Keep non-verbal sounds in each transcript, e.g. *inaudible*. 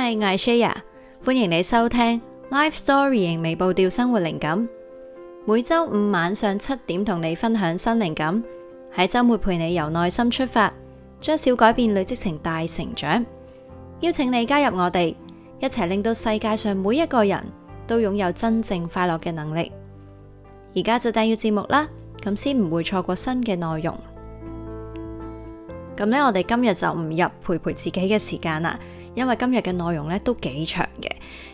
係艾 Shaya 歡迎你收聽 Life Story 微步調生活靈感，每周五晚上七點同你分享新靈感，喺周末陪你由內心出發，將小改變累積成大成長。邀請你加入我哋，一齊令到世界上每一個人都擁有真正快樂嘅能力。而家就訂閱節目啦，咁先唔會錯過新嘅內容。咁呢，我哋今日就唔入陪陪自己嘅時間啦。因為今日嘅內容咧都幾長嘅，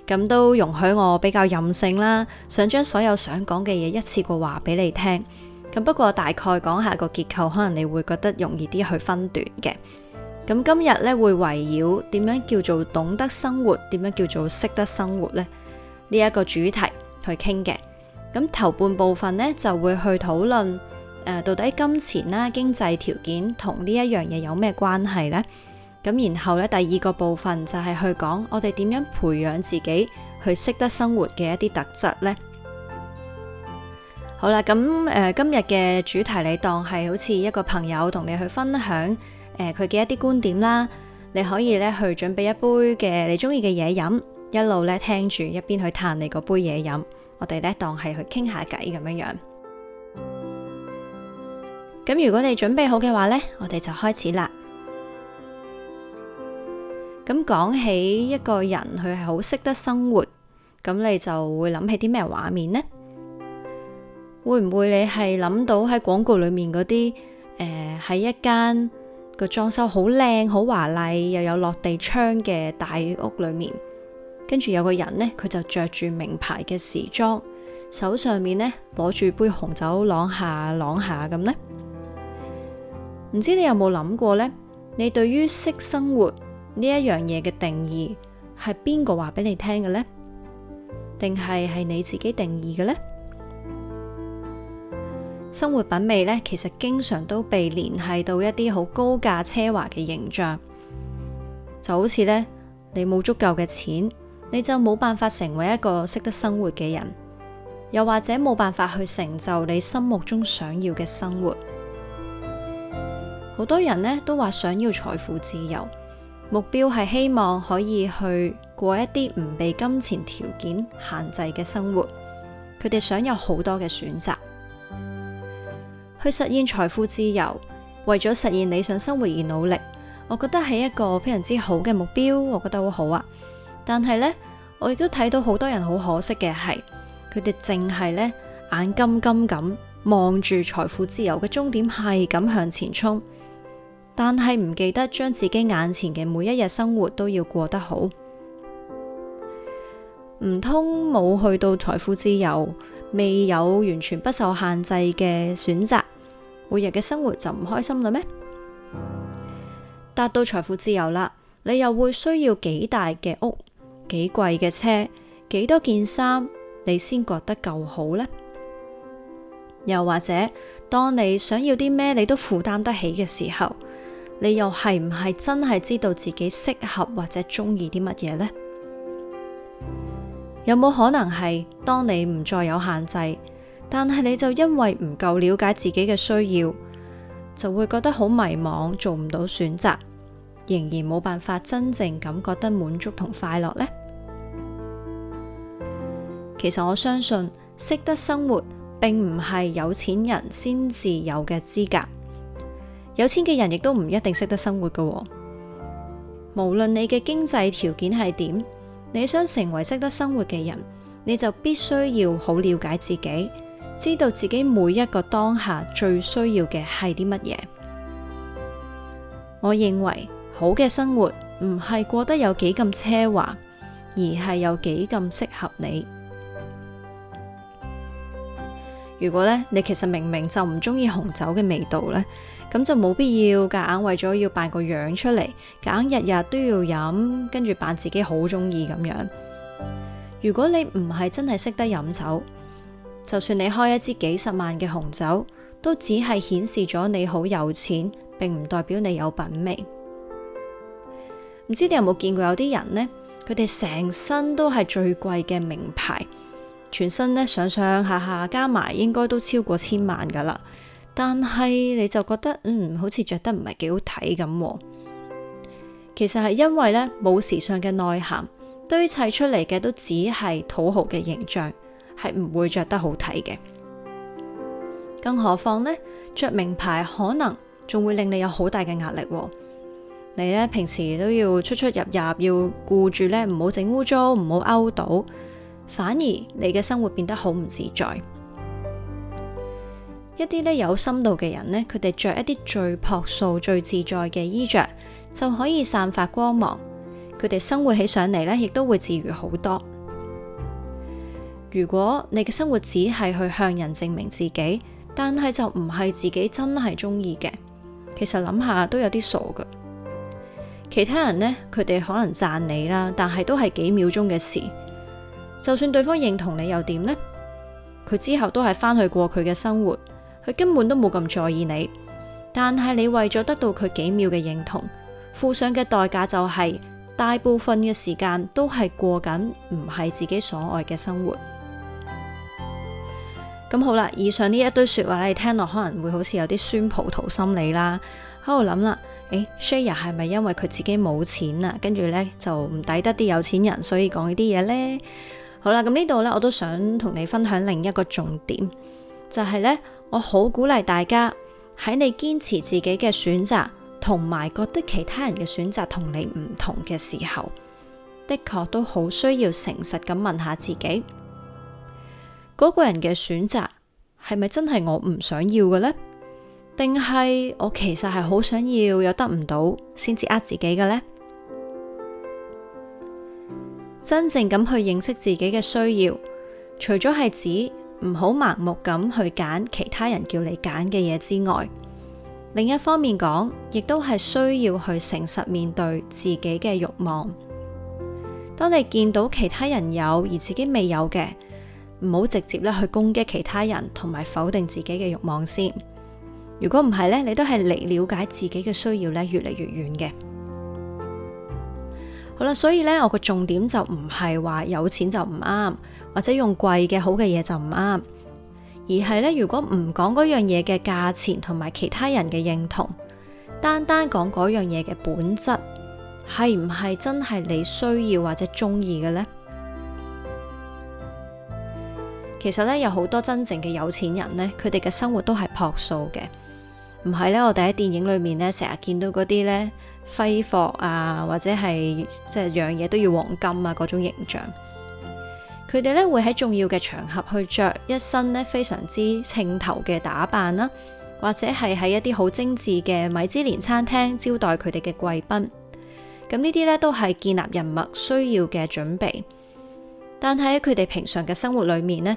咁都容許我比較任性啦，想將所有想講嘅嘢一次過話俾你聽。咁不過大概講下、這個結構，可能你會覺得容易啲去分段嘅。咁今日咧會圍繞點樣叫做懂得生活，點樣叫做識得生活呢，呢、這、一個主題去傾嘅。咁頭半部分呢，就會去討論、呃、到底金錢啦、啊、經濟條件同呢一樣嘢有咩關係呢？咁然後咧，第二個部分就係去講我哋點樣培養自己去識得生活嘅一啲特質呢。好啦，咁、呃、誒，今日嘅主題你當係好似一個朋友同你去分享誒，佢、呃、嘅一啲觀點啦。你可以咧去準備一杯嘅你中意嘅嘢飲，一路咧聽住一邊去嘆你嗰杯嘢飲。我哋咧當係去傾下偈咁樣樣。咁如果你準備好嘅話呢，我哋就開始啦。咁講起一個人，佢係好識得生活，咁你就會諗起啲咩畫面呢？會唔會你係諗到喺廣告裏面嗰啲誒，喺、呃、一間個裝修好靚、好華麗，又有落地窗嘅大屋裏面，跟住有個人呢，佢就着住名牌嘅時裝，手上面呢，攞住杯紅酒，啷下啷下咁呢？唔知你有冇諗過呢？你對於識生活，呢一樣嘢嘅定義係邊個話俾你聽嘅呢？定係係你自己定義嘅呢？生活品味呢，其實經常都被聯繫到一啲好高價奢華嘅形象，就好似呢，你冇足夠嘅錢，你就冇辦法成為一個識得生活嘅人，又或者冇辦法去成就你心目中想要嘅生活。好多人呢，都話想要財富自由。目標係希望可以去過一啲唔被金錢條件限制嘅生活，佢哋想有好多嘅選擇，去實現財富自由，為咗實現理想生活而努力。我覺得係一個非常之好嘅目標，我覺得好好啊。但係呢，我亦都睇到好多人好可惜嘅係，佢哋淨係呢眼金金咁望住財富自由嘅終點係咁向前衝。但係唔記得將自己眼前嘅每一日生活都要過得好。唔通冇去到財富自由，未有完全不受限制嘅選擇，每日嘅生活就唔開心啦咩？達到財富自由啦，你又會需要幾大嘅屋、幾貴嘅車、幾多件衫，你先覺得夠好呢？又或者當你想要啲咩，你都負擔得起嘅時候？你又係唔係真係知道自己適合或者中意啲乜嘢呢？有冇可能係當你唔再有限制，但係你就因為唔夠了解自己嘅需要，就會覺得好迷茫，做唔到選擇，仍然冇辦法真正感覺得滿足同快樂呢？其實我相信識得生活，並唔係有錢人先至有嘅資格。有錢嘅人亦都唔一定識得生活㗎喎。無論你嘅經濟條件係點，你想成為識得生活嘅人，你就必須要好了解自己，知道自己每一個當下最需要嘅係啲乜嘢。我認為好嘅生活唔係過得有幾咁奢華，而係有幾咁適合你。如果咧，你其實明明就唔中意紅酒嘅味道咧。咁就冇必要夾硬為咗要扮個樣出嚟，夾硬日日都要飲，跟住扮自己好鍾意咁樣。如果你唔係真係識得飲酒，就算你開一支幾十萬嘅紅酒，都只係顯示咗你好有錢，並唔代表你有品味。唔知你有冇見過有啲人呢？佢哋成身都係最貴嘅名牌，全身咧上上下下加埋，應該都超過千萬㗎喇。但係你就覺得嗯，好，好似着得唔係幾好睇咁。其實係因為呢，冇時尚嘅內涵，堆砌出嚟嘅都只係土豪嘅形象，係唔會着得好睇嘅。更何況呢？着名牌可能仲會令你有好大嘅壓力。你呢，平時都要出出入入，要顧住呢，唔好整污糟，唔好勾到，反而你嘅生活變得好唔自在。一啲咧有深度嘅人呢，佢哋着一啲最朴素、最自在嘅衣着，就可以散發光芒。佢哋生活起上嚟呢亦都會自如好多。如果你嘅生活只係去向人證明自己，但係就唔係自己真係中意嘅，其實諗下都有啲傻噶。其他人呢，佢哋可能讚你啦，但係都係幾秒鐘嘅事。就算對方認同你又點呢？佢之後都係翻去過佢嘅生活。佢根本都冇咁在意你，但係你為咗得到佢幾秒嘅認同，付上嘅代價就係大部分嘅時間都係過緊唔係自己所愛嘅生活。咁 *noise* 好啦，以上呢一堆說話咧，你聽落可能會好似有啲酸葡萄心理啦，喺度諗啦，誒，Shaya 係咪因為佢自己冇錢啊？跟住呢就唔抵得啲有錢人，所以講呢啲嘢呢。好啦，咁呢度呢，我都想同你分享另一個重點，就係呢。我好鼓勵大家喺你堅持自己嘅選擇，同埋覺得其他人嘅選擇同你唔同嘅時候，的確都好需要誠實咁問下自己，嗰個人嘅選擇係咪真係我唔想要嘅呢？定係我其實係好想要又得唔到，先至呃自己嘅呢？真正咁去認識自己嘅需要，除咗係指。唔好盲目咁去揀其他人叫你揀嘅嘢之外，另一方面講，亦都係需要去誠實面對自己嘅慾望。當你見到其他人有而自己未有嘅，唔好直接咧去攻擊其他人同埋否定自己嘅欲望先。如果唔係咧，你都係離了解自己嘅需要咧越嚟越遠嘅。好啦，所以咧，我個重點就唔係話有錢就唔啱。或者用貴嘅好嘅嘢就唔啱，而係咧，如果唔講嗰樣嘢嘅價錢，同埋其他人嘅認同，單單講嗰樣嘢嘅本質，係唔係真係你需要或者中意嘅呢？其實咧，有好多真正嘅有錢人咧，佢哋嘅生活都係樸素嘅，唔係咧，我哋喺電影裏面咧，成日見到嗰啲咧揮霍啊，或者係即係樣嘢都要黃金啊嗰種形象。佢哋咧會喺重要嘅場合去着一身咧非常之稱頭嘅打扮啦，或者係喺一啲好精緻嘅米芝蓮餐廳招待佢哋嘅貴賓。咁呢啲咧都係建立人物需要嘅準備，但係佢哋平常嘅生活裏面呢，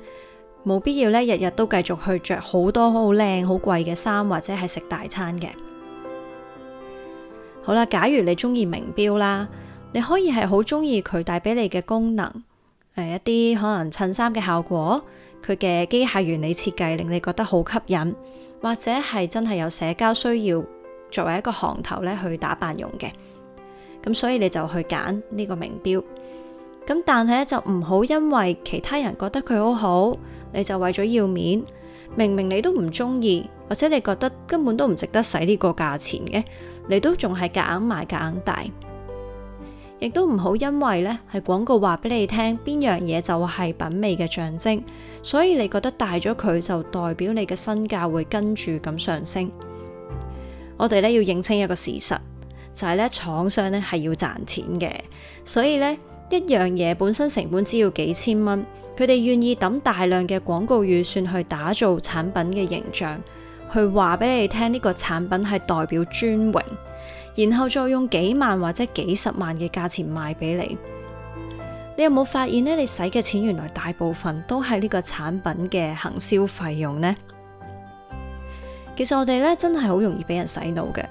冇必要咧日日都繼續去着好多好靚好貴嘅衫，或者係食大餐嘅。好啦，假如你中意名錶啦，你可以係好中意佢帶俾你嘅功能。誒，一啲可能襯衫嘅效果，佢嘅機械原理設計令你覺得好吸引，或者係真係有社交需要，作為一個行頭咧去打扮用嘅，咁所以你就去揀呢個名錶。咁但係咧就唔好因為其他人覺得佢好好，你就為咗要面，明明你都唔中意，或者你覺得根本都唔值得使呢個價錢嘅，你都仲係夾硬買夾硬戴。硬亦都唔好因為咧係廣告話俾你聽邊樣嘢就係品味嘅象徵，所以你覺得大咗佢就代表你嘅身價會跟住咁上升。我哋咧要認清一個事實，就係咧廠商咧係要賺錢嘅，所以呢一樣嘢本身成本只要幾千蚊，佢哋願意抌大量嘅廣告預算去打造產品嘅形象，去話俾你聽呢個產品係代表尊榮。然後再用幾萬或者幾十萬嘅價錢賣俾你，你有冇發現咧？你使嘅錢原來大部分都係呢個產品嘅行銷費用呢？其實我哋咧真係好容易俾人洗腦嘅，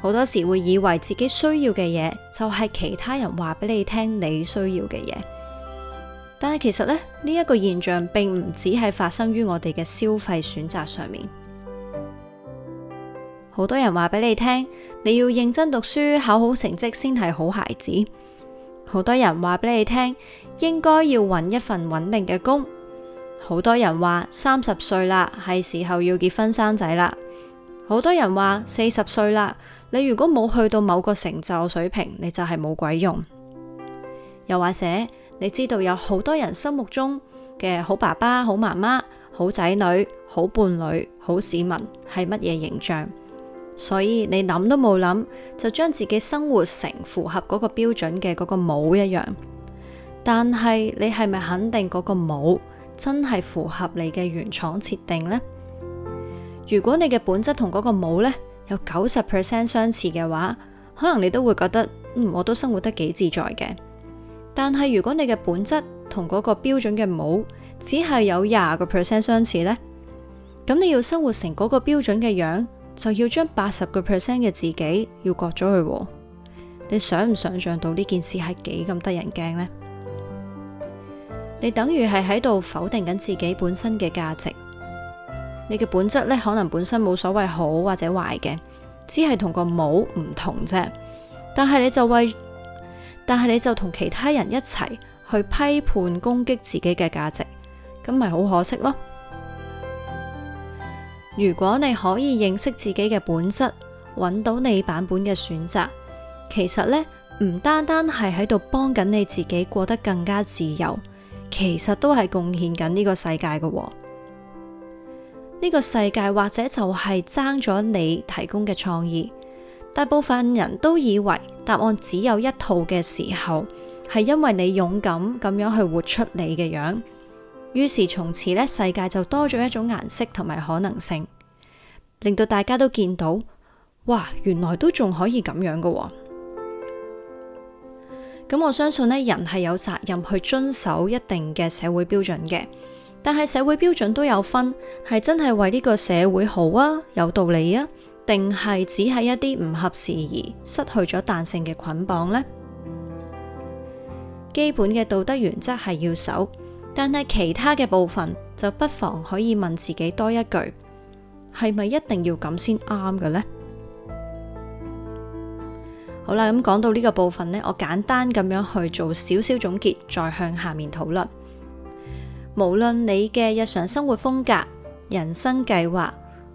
好多時會以為自己需要嘅嘢，就係其他人話俾你聽你需要嘅嘢。但係其實咧呢一個現象並唔只係發生於我哋嘅消費選擇上面。好多人話俾你聽，你要認真讀書，考好成績先係好孩子。好多人話俾你聽，應該要揾一份穩定嘅工。好多人話三十歲啦，係時候要結婚生仔啦。好多人話四十歲啦，你如果冇去到某個成就水平，你就係冇鬼用。又或者你知道有好多人心目中嘅好爸爸、好媽媽、好仔女、好伴侶、好市民係乜嘢形象？所以你諗都冇諗，就將自己生活成符合嗰個標準嘅嗰個模一樣。但係你係咪肯定嗰個模真係符合你嘅原廠設定呢？如果你嘅本質同嗰個模呢有九十 percent 相似嘅話，可能你都會覺得嗯，我都生活得幾自在嘅。但係如果你嘅本質同嗰個標準嘅模只係有廿個 percent 相似呢，咁你要生活成嗰個標準嘅樣，就要將八十個 percent 嘅自己要割咗佢，你想唔想像到呢件事係幾咁得人驚呢？你等於係喺度否定緊自己本身嘅價值，你嘅本質呢，可能本身冇所謂好或者壞嘅，只係同個冇唔同啫。但係你就為，但係你就同其他人一齊去批判攻擊自己嘅價值，咁咪好可惜咯。如果你可以認識自己嘅本質，揾到你版本嘅選擇，其實呢，唔單單係喺度幫緊你自己過得更加自由，其實都係貢獻緊呢個世界㗎喎。呢、這個世界或者就係爭咗你提供嘅創意。大部分人都以為答案只有一套嘅時候，係因為你勇敢咁樣去活出你嘅樣。於是從此咧，世界就多咗一種顏色同埋可能性，令到大家都見到，哇，原來都仲可以咁樣噶喎。咁我相信咧，人係有責任去遵守一定嘅社會標準嘅，但係社會標準都有分，係真係為呢個社會好啊，有道理啊，定係只係一啲唔合時宜、失去咗彈性嘅捆綁呢？基本嘅道德原則係要守。但係其他嘅部分就不妨可以問自己多一句，係咪一定要咁先啱嘅呢？好啦，咁講到呢個部分呢，我簡單咁樣去做少少總結，再向下面討論。無論你嘅日常生活風格、人生計劃、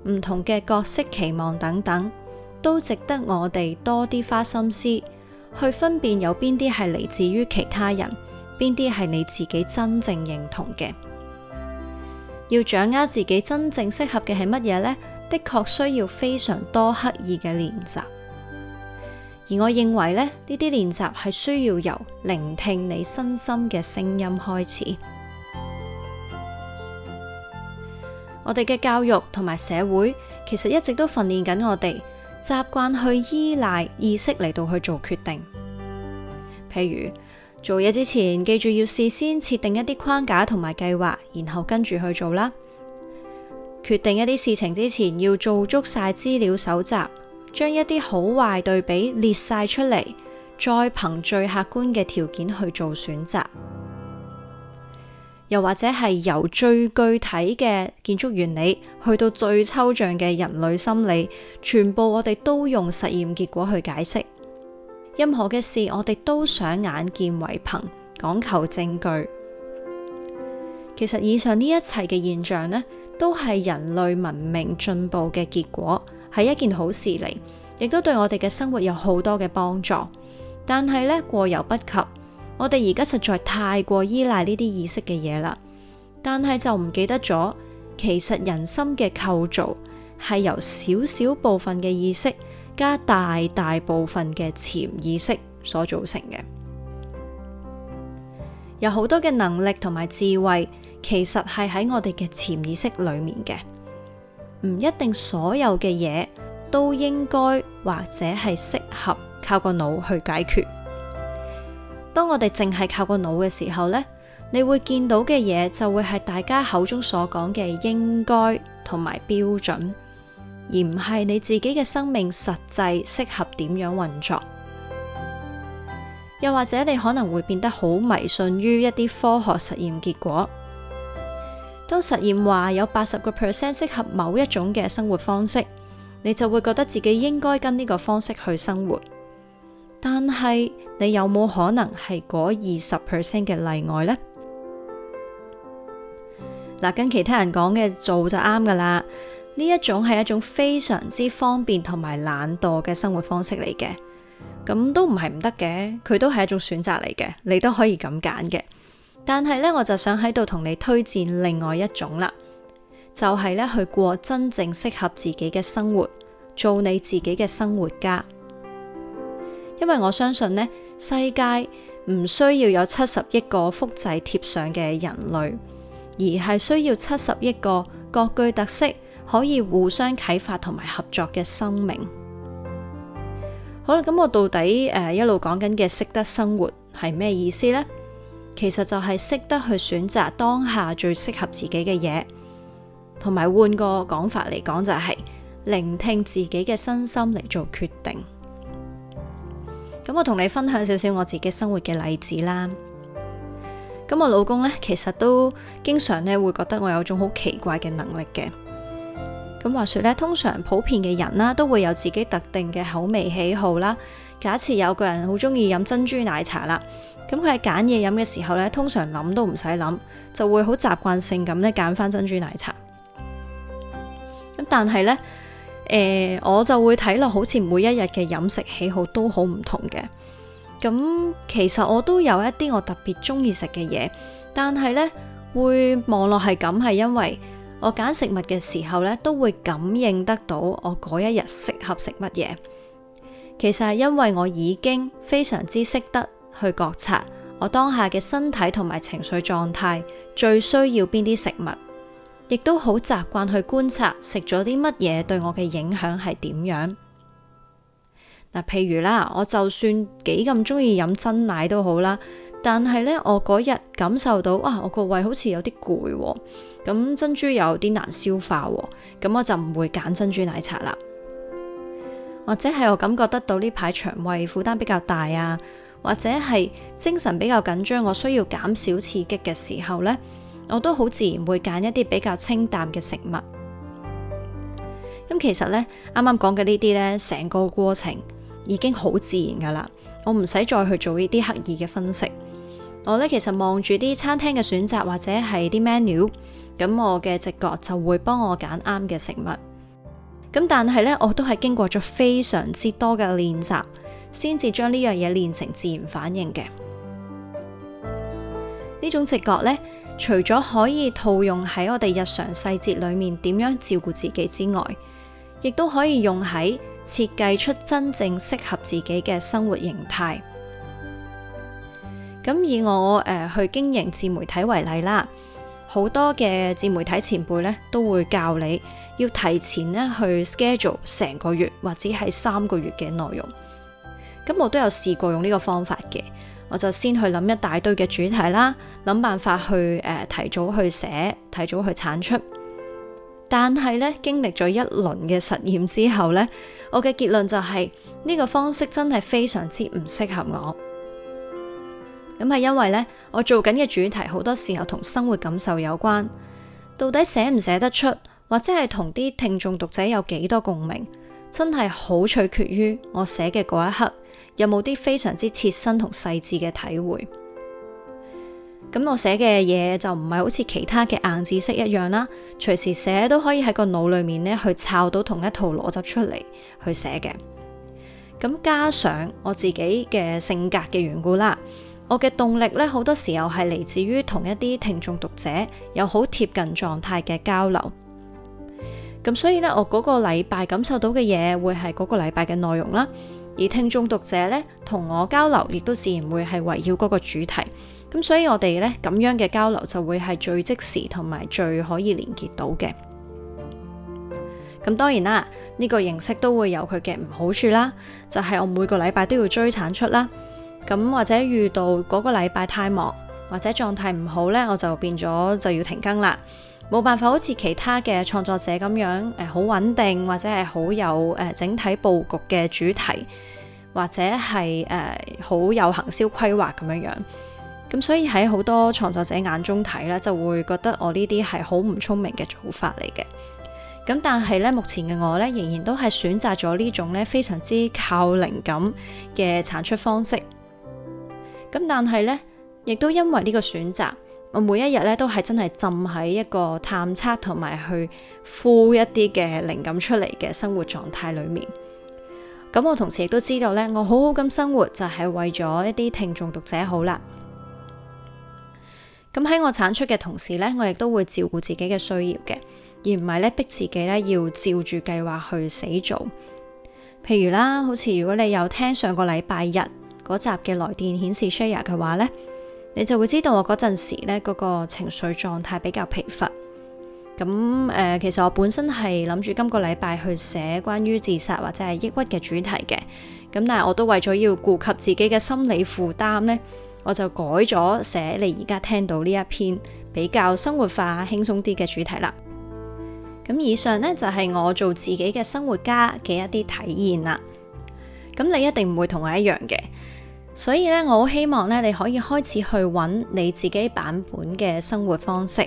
唔同嘅角色期望等等，都值得我哋多啲花心思去分辨有邊啲係嚟自於其他人。邊啲係你自己真正認同嘅？要掌握自己真正適合嘅係乜嘢呢？的確需要非常多刻意嘅練習。而我認為呢，呢啲練習係需要由聆聽你身心嘅聲音開始。我哋嘅教育同埋社會，其實一直都訓練緊我哋，習慣去依賴意識嚟到去做決定。譬如做嘢之前，記住要事先設定一啲框架同埋計劃，然後跟住去做啦。決定一啲事情之前，要做足晒資料搜集，將一啲好壞對比列晒出嚟，再憑最客觀嘅條件去做選擇。又或者係由最具體嘅建築原理，去到最抽象嘅人類心理，全部我哋都用實驗結果去解釋。任何嘅事，我哋都想眼見為憑，講求證據。其實以上呢一切嘅現象，呢都係人類文明進步嘅結果，係一件好事嚟，亦都對我哋嘅生活有好多嘅幫助。但係呢，過猶不及，我哋而家實在太過依賴呢啲意識嘅嘢啦。但係就唔記得咗，其實人心嘅構造係由少少部分嘅意識。加大大部分嘅潛意識所組成嘅，有好多嘅能力同埋智慧，其實係喺我哋嘅潛意識裏面嘅。唔一定所有嘅嘢都應該或者係適合靠個腦去解決。當我哋淨係靠個腦嘅時候呢，你會見到嘅嘢就會係大家口中所講嘅應該同埋標準。而唔係你自己嘅生命實際適合點樣運作，又或者你可能會變得好迷信於一啲科學實驗結果。當實驗話有八十個 percent 適合某一種嘅生活方式，你就會覺得自己應該跟呢個方式去生活。但係你有冇可能係嗰二十 percent 嘅例外呢？嗱，跟其他人講嘅做就啱噶啦。呢一種係一種非常之方便同埋懶惰嘅生活方式嚟嘅，咁都唔係唔得嘅，佢都係一種選擇嚟嘅，你都可以咁揀嘅。但係呢，我就想喺度同你推薦另外一種啦，就係呢——去過真正適合自己嘅生活，做你自己嘅生活家。因為我相信呢，世界唔需要有七十億個複製貼上嘅人類，而係需要七十億個各具特色。可以互相啟發同埋合作嘅生命。好啦，咁我到底誒、呃、一路講緊嘅識得生活係咩意思呢？其實就係識得去選擇當下最適合自己嘅嘢，同埋換個講法嚟講就係、是、聆聽自己嘅身心嚟做決定。咁我同你分享少少我自己生活嘅例子啦。咁我老公呢，其實都經常呢會覺得我有種好奇怪嘅能力嘅。咁話説咧，通常普遍嘅人啦，都會有自己特定嘅口味喜好啦。假設有個人好中意飲珍珠奶茶啦，咁佢喺揀嘢飲嘅時候咧，通常諗都唔使諗，就會好習慣性咁咧揀返珍珠奶茶。咁但係咧，誒、欸、我就會睇落好似每一日嘅飲食喜好都好唔同嘅。咁其實我都有一啲我特別中意食嘅嘢，但係咧會望落係咁係因為。我揀食物嘅時候咧，都會感應得到我嗰一日適合食乜嘢。其實係因為我已經非常之識得去覺察我當下嘅身體同埋情緒狀態最需要邊啲食物，亦都好習慣去觀察食咗啲乜嘢對我嘅影響係點樣。嗱，譬如啦，我就算幾咁中意飲珍奶都好啦。但係呢，我嗰日感受到啊，我個胃好似有啲攰喎，咁珍珠有啲難消化喎，咁我就唔會揀珍珠奶茶啦。或者係我感覺得到呢排腸胃負擔比較大啊，或者係精神比較緊張，我需要減少刺激嘅時候呢，我都好自然會揀一啲比較清淡嘅食物。咁其實呢，啱啱講嘅呢啲呢，成個過程已經好自然噶啦，我唔使再去做呢啲刻意嘅分析。我呢其實望住啲餐廳嘅選擇或者係啲 menu，咁我嘅直覺就會幫我揀啱嘅食物。咁但係呢，我都係經過咗非常之多嘅練習，先至將呢樣嘢練成自然反應嘅。呢種直覺呢，除咗可以套用喺我哋日常細節裡面點樣照顧自己之外，亦都可以用喺設計出真正適合自己嘅生活形態。咁以我誒、呃、去經營自媒體為例啦，好多嘅自媒體前輩咧都會教你要提前咧去 schedule 成個月或者係三個月嘅內容。咁、嗯、我都有試過用呢個方法嘅，我就先去諗一大堆嘅主題啦，諗辦法去誒、呃、提早去寫，提早去產出。但係咧經歷咗一輪嘅實驗之後咧，我嘅結論就係、是、呢、這個方式真係非常之唔適合我。咁係因為咧，我做緊嘅主題好多時候同生活感受有關，到底寫唔寫得出，或者係同啲聽眾讀者有幾多共鳴，真係好取決於我寫嘅嗰一刻有冇啲非常之切身同細緻嘅體會。咁我寫嘅嘢就唔係好似其他嘅硬知識一樣啦，隨時寫都可以喺個腦裏面咧去抄到同一套邏輯出嚟去寫嘅。咁加上我自己嘅性格嘅緣故啦。我嘅動力咧，好多時候係嚟自於同一啲聽眾讀者有好貼近狀態嘅交流。咁所以咧，我嗰個禮拜感受到嘅嘢，會係嗰個禮拜嘅內容啦。而聽眾讀者咧，同我交流，亦都自然會係圍繞嗰個主題。咁所以我呢，我哋咧咁樣嘅交流就會係最即時同埋最可以連結到嘅。咁當然啦，呢個形式都會有佢嘅唔好處啦，就係我每個禮拜都要追產出啦。咁或者遇到嗰個禮拜太忙或者狀態唔好呢，我就變咗就要停更啦，冇辦法好似其他嘅創作者咁樣誒、好、呃、穩定或者係好有誒、呃、整體佈局嘅主題，或者係誒好有行銷規劃咁樣樣。咁所以喺好多創作者眼中睇呢，就會覺得我呢啲係好唔聰明嘅做法嚟嘅。咁但係呢，目前嘅我呢，仍然都係選擇咗呢種咧非常之靠靈感嘅產出方式。咁但係呢，亦都因為呢個選擇，我每一日呢都係真係浸喺一個探測同埋去呼一啲嘅靈感出嚟嘅生活狀態裏面。咁我同時亦都知道呢，我好好咁生活就係為咗一啲聽眾讀者好啦。咁喺我產出嘅同時呢，我亦都會照顧自己嘅需要嘅，而唔係呢逼，自己呢要照住計劃去死做。譬如啦，好似如果你有聽上個禮拜日。嗰集嘅來電顯示 share 嘅話呢，你就會知道我嗰陣時呢嗰、嗰個情緒狀態比較疲乏。咁誒、呃，其實我本身係諗住今個禮拜去寫關於自殺或者係抑鬱嘅主題嘅。咁，但係我都為咗要顧及自己嘅心理負擔呢，我就改咗寫你而家聽到呢一篇比較生活化、輕鬆啲嘅主題啦。咁以上呢，就係、係、我做自己嘅生活家嘅一啲體驗啦。咁你一定唔會同我一樣嘅。所以咧，我好希望咧，你可以開始去揾你自己版本嘅生活方式。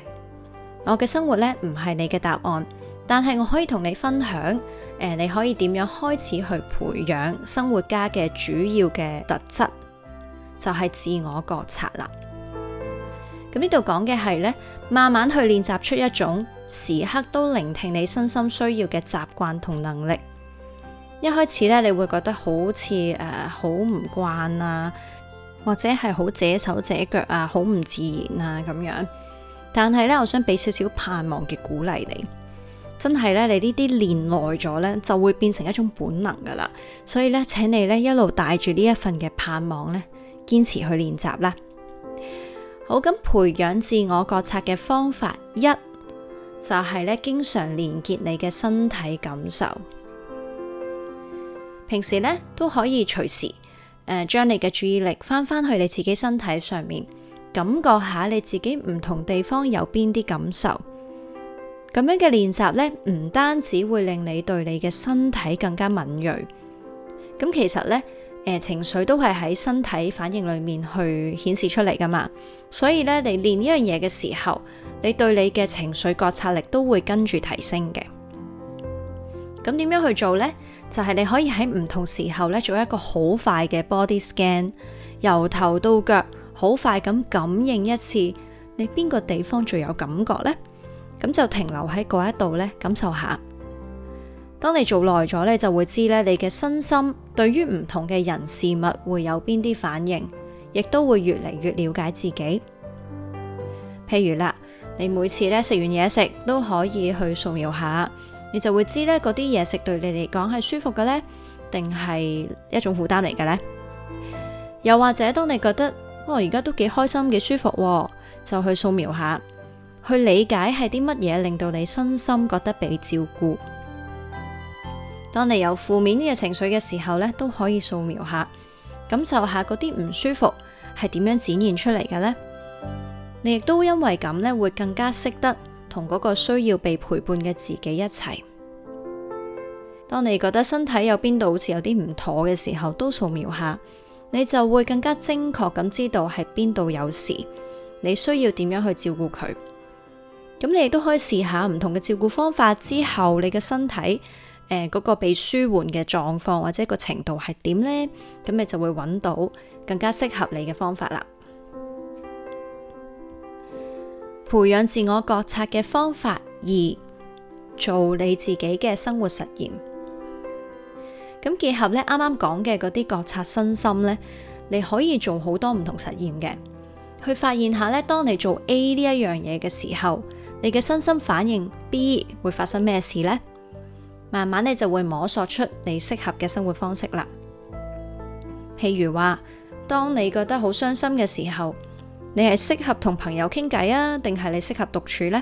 我嘅生活咧，唔係你嘅答案，但係我可以同你分享，誒、呃，你可以點樣開始去培養生活家嘅主要嘅特質，就係、是、自我覺察啦。咁呢度講嘅係咧，慢慢去練習出一種時刻都聆聽你身心需要嘅習慣同能力。一開始咧，你會覺得好似誒好唔慣啊，或者係好借手借腳啊，好唔自然啊咁樣。但係咧，我想俾少少盼望嘅鼓勵你，真係咧，你呢啲練耐咗咧，就會變成一種本能噶啦。所以咧，請你咧一路帶住呢一份嘅盼望咧，堅持去練習啦。好，咁培養自我覺察嘅方法一就係咧，經常連結你嘅身體感受。平時咧都可以隨時誒，將、呃、你嘅注意力翻翻去你自己身體上面，感覺下你自己唔同地方有邊啲感受。咁樣嘅練習咧，唔單止會令你對你嘅身體更加敏銳。咁其實咧，誒、呃、情緒都係喺身體反應裏面去顯示出嚟噶嘛。所以咧，你練呢樣嘢嘅時候，你對你嘅情緒覺察力都會跟住提升嘅。咁點樣去做呢？就係你可以喺唔同時候咧做一個好快嘅 body scan，由頭到腳好快咁感應一次，你邊個地方最有感覺呢？咁就停留喺嗰一度咧感受下。當你做耐咗咧，你就會知咧你嘅身心對於唔同嘅人事物會有邊啲反應，亦都會越嚟越了解自己。譬如啦，你每次咧食完嘢食都可以去掃描下。你就會知呢，嗰啲嘢食對你嚟講係舒服嘅呢，定係一種負擔嚟嘅呢？又或者當你覺得我而家都幾開心、幾舒服，就去掃描下，去理解係啲乜嘢令到你身心覺得被照顧。當你有負面啲嘅情緒嘅時候呢，都可以掃描下，感受下嗰啲唔舒服係點樣展現出嚟嘅呢？你亦都因為咁呢，會更加識得同嗰個需要被陪伴嘅自己一齊。當你覺得身體有邊度好似有啲唔妥嘅時候，都掃描下，你就會更加精確咁知道係邊度有事，你需要點樣去照顧佢。咁你亦都可以試下唔同嘅照顧方法之後，你嘅身體嗰、呃嗰個被舒緩嘅狀況或者個程度係點呢？咁你就會揾到更加適合你嘅方法啦。培養自我覺察嘅方法，二，做你自己嘅生活實驗。咁結合咧，啱啱講嘅嗰啲覺察身心呢，你可以做好多唔同實驗嘅，去發現下咧，當你做 A 呢一樣嘢嘅時候，你嘅身心反應 B 會發生咩事呢？慢慢你就會摸索出你適合嘅生活方式啦。譬如話，當你覺得好傷心嘅時候。你係適合同朋友傾偈啊，定係你適合獨處呢？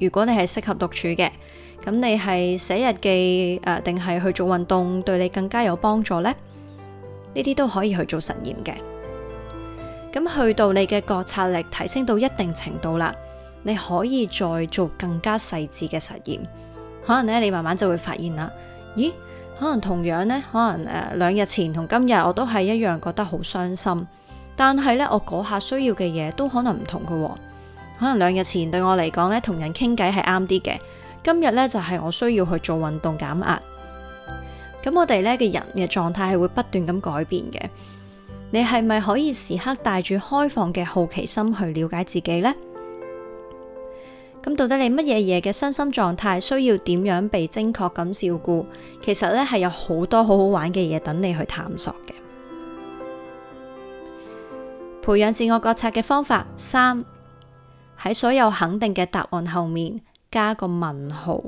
如果你係適合獨處嘅，咁你係寫日記誒，定、呃、係去做運動，對你更加有幫助呢？呢啲都可以去做實驗嘅。咁去到你嘅覺察力提升到一定程度啦，你可以再做更加細緻嘅實驗。可能咧，你慢慢就會發現啦。咦？可能同樣呢，可能誒，兩、呃、日前同今日我都係一樣覺得好傷心。但係咧，我嗰下需要嘅嘢都可能唔同嘅，喎，可能兩日前對我嚟講咧，同人傾偈係啱啲嘅，今日咧就係、是、我需要去做運動減壓。咁我哋咧嘅人嘅狀態係會不斷咁改變嘅。你係咪可以時刻帶住開放嘅好奇心去了解自己呢？咁到底你乜嘢嘢嘅身心狀態需要點樣被精確咁照顧？其實咧係有好多好好玩嘅嘢等你去探索嘅。培養自我覺察嘅方法三，喺所有肯定嘅答案後面加個問號。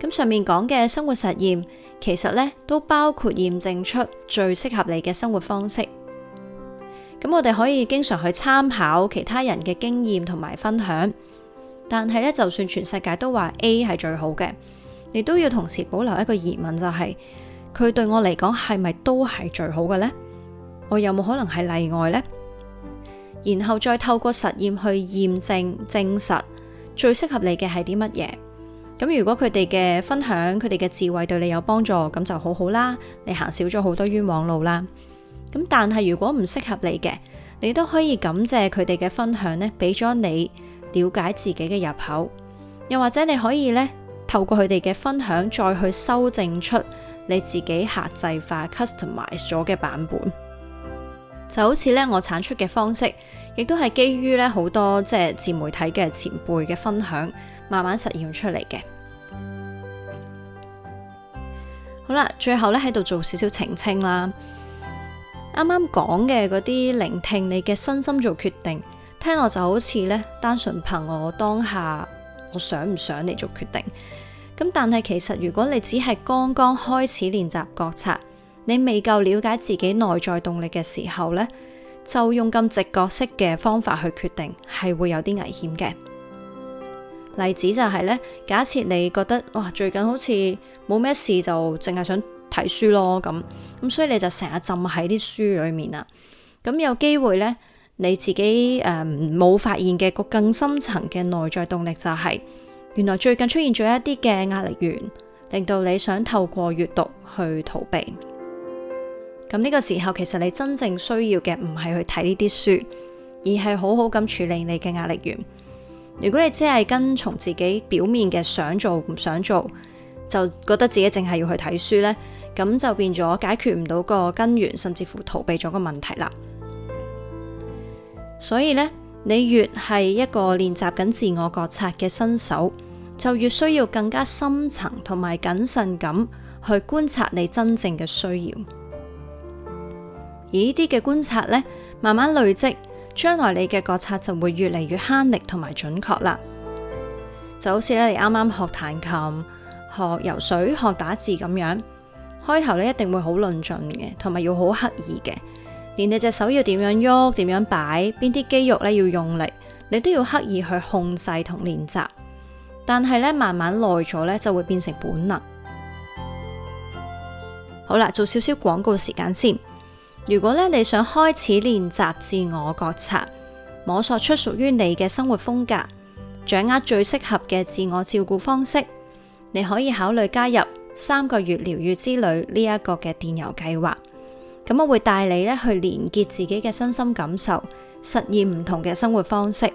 咁上面講嘅生活實驗，其實呢都包括驗證出最適合你嘅生活方式。咁我哋可以經常去參考其他人嘅經驗同埋分享，但係呢，就算全世界都話 A 係最好嘅，你都要同時保留一個疑問，就是，就係「佢對我嚟講係咪都係最好嘅呢？」我有冇可能係例外呢？然後再透過實驗去驗證證實最適合你嘅係啲乜嘢？咁如果佢哋嘅分享、佢哋嘅智慧對你有幫助，咁就好好啦，你行少咗好多冤枉路啦。咁但係如果唔適合你嘅，你都可以感謝佢哋嘅分享呢，俾咗你了解自己嘅入口。又或者你可以呢，透過佢哋嘅分享再去修正出你自己客製化 customise 咗嘅版本。就好似咧，我產出嘅方式，亦都係基於咧，好多即係自媒體嘅前輩嘅分享，慢慢實現出嚟嘅。 *noise* 好啦，最後咧喺度做少少澄清啦。啱啱講嘅嗰啲聆聽你嘅身心做決定，聽落就好似咧，單純憑我當下我想唔想嚟做決定。咁但係其實如果你只係剛剛開始練習覺察。你未夠了解自己內在動力嘅時候呢，就用咁直覺式嘅方法去決定，係會有啲危險嘅。例子就係、是、呢：假設你覺得哇，最近好似冇咩事，就淨係想睇書咯，咁咁，所以你就成日浸喺啲書裏面啊。咁有機會呢，你自己誒冇、嗯、發現嘅個更深層嘅內在動力就係、是、原來最近出現咗一啲嘅壓力源，令到你想透過閱讀去逃避。咁呢個時候，其實你真正需要嘅唔係去睇呢啲書，而係好好咁處理你嘅壓力源。如果你只係跟從自己表面嘅想做唔想做，就覺得自己淨係要去睇書呢，咁就變咗解決唔到個根源，甚至乎逃避咗個問題啦。所以呢，你越係一個練習緊自我覺察嘅新手，就越需要更加深層同埋謹慎咁去觀察你真正嘅需要。而呢啲嘅觀察呢，慢慢累積，將來你嘅覺察就會越嚟越慳力同埋準確啦。就好似咧，你啱啱學彈琴、學游水、學打字咁樣，開頭咧一定會好論盡嘅，同埋要好刻意嘅。連你隻手要點樣喐、點樣擺、邊啲肌肉呢要用力，你都要刻意去控制同練習。但係呢，慢慢耐咗呢，就會變成本能。好啦，做少少廣告時間先。如果咧你想開始練習自我覺察，摸索出屬於你嘅生活風格，掌握最適合嘅自我照顧方式，你可以考慮加入三個月療癒之旅呢一個嘅電郵計劃。咁我會帶你咧去連結自己嘅身心感受，實現唔同嘅生活方式。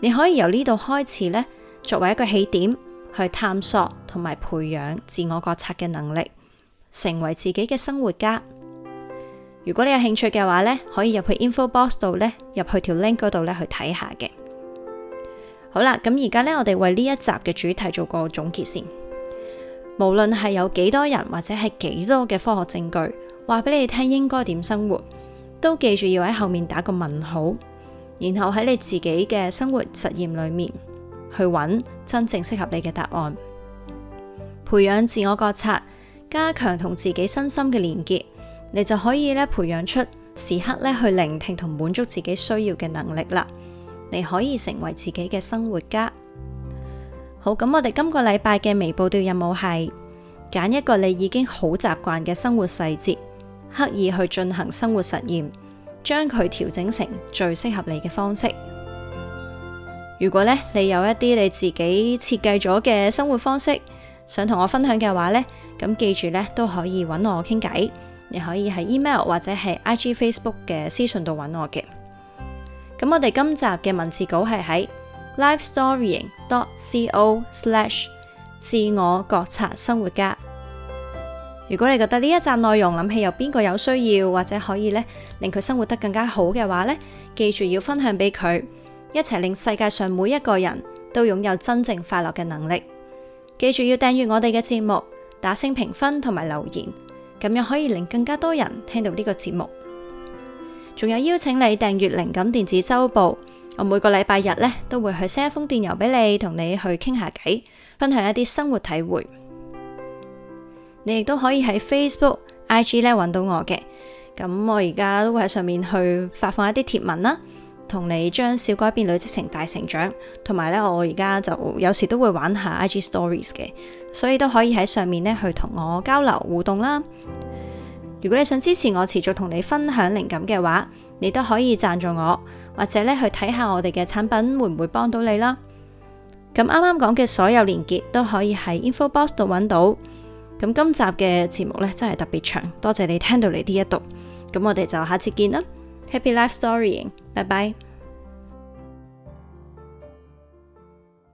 你可以由呢度開始咧，作為一個起點去探索同埋培養自我覺察嘅能力，成為自己嘅生活家。如果你有興趣嘅話咧，可以入去 info box 度咧，入去條 link 嗰度咧去睇下嘅。好啦，咁而家咧，我哋為呢一集嘅主題做個總結先。無論係有幾多人或者係幾多嘅科學證據話俾你聽應該點生活，都記住要喺後面打個問號，然後喺你自己嘅生活實驗裏面去揾真正適合你嘅答案。培養自我覺察，加強同自己身心嘅連結。你就可以咧培養出時刻咧去聆聽同滿足自己需要嘅能力啦。你可以成為自己嘅生活家。好，咁我哋今個禮拜嘅微步調任務係揀一個你已經好習慣嘅生活細節，刻意去進行生活實驗，將佢調整成最適合你嘅方式。如果咧你有一啲你自己設計咗嘅生活方式，想同我分享嘅話咧，咁記住咧都可以揾我傾偈。你可以喺 email 或者係 IG、Facebook 嘅私信度揾我嘅。咁我哋今集嘅文字稿係喺 lifestorying.co/ 自我覺察生活家。如果你覺得呢一集內容諗起有邊個有需要或者可以咧令佢生活得更加好嘅話呢，記住要分享俾佢，一齊令世界上每一個人都擁有真正快樂嘅能力。記住要訂閱我哋嘅節目，打聲評分同埋留言。咁樣可以令更加多人聽到呢個節目，仲有邀請你訂閱靈感電子週報，我每個禮拜日呢都會去 send 一封電郵俾你，同你去傾下偈，分享一啲生活體會。你亦都可以喺 Facebook、IG 呢揾到我嘅，咁我而家都會喺上面去發放一啲貼文啦，同你將小改變累積成大成長，同埋呢，我而家就有時都會玩下 IG Stories 嘅。所以都可以喺上面咧去同我交流互動啦。如果你想支持我持續同你分享靈感嘅話，你都可以贊助我，或者咧去睇下我哋嘅產品會唔會幫到你啦。咁啱啱講嘅所有連結都可以喺 info box 度揾到。咁今集嘅節目咧真係特別長，多謝你聽到你呢一度。咁我哋就下次見啦，Happy Life Storying，拜拜。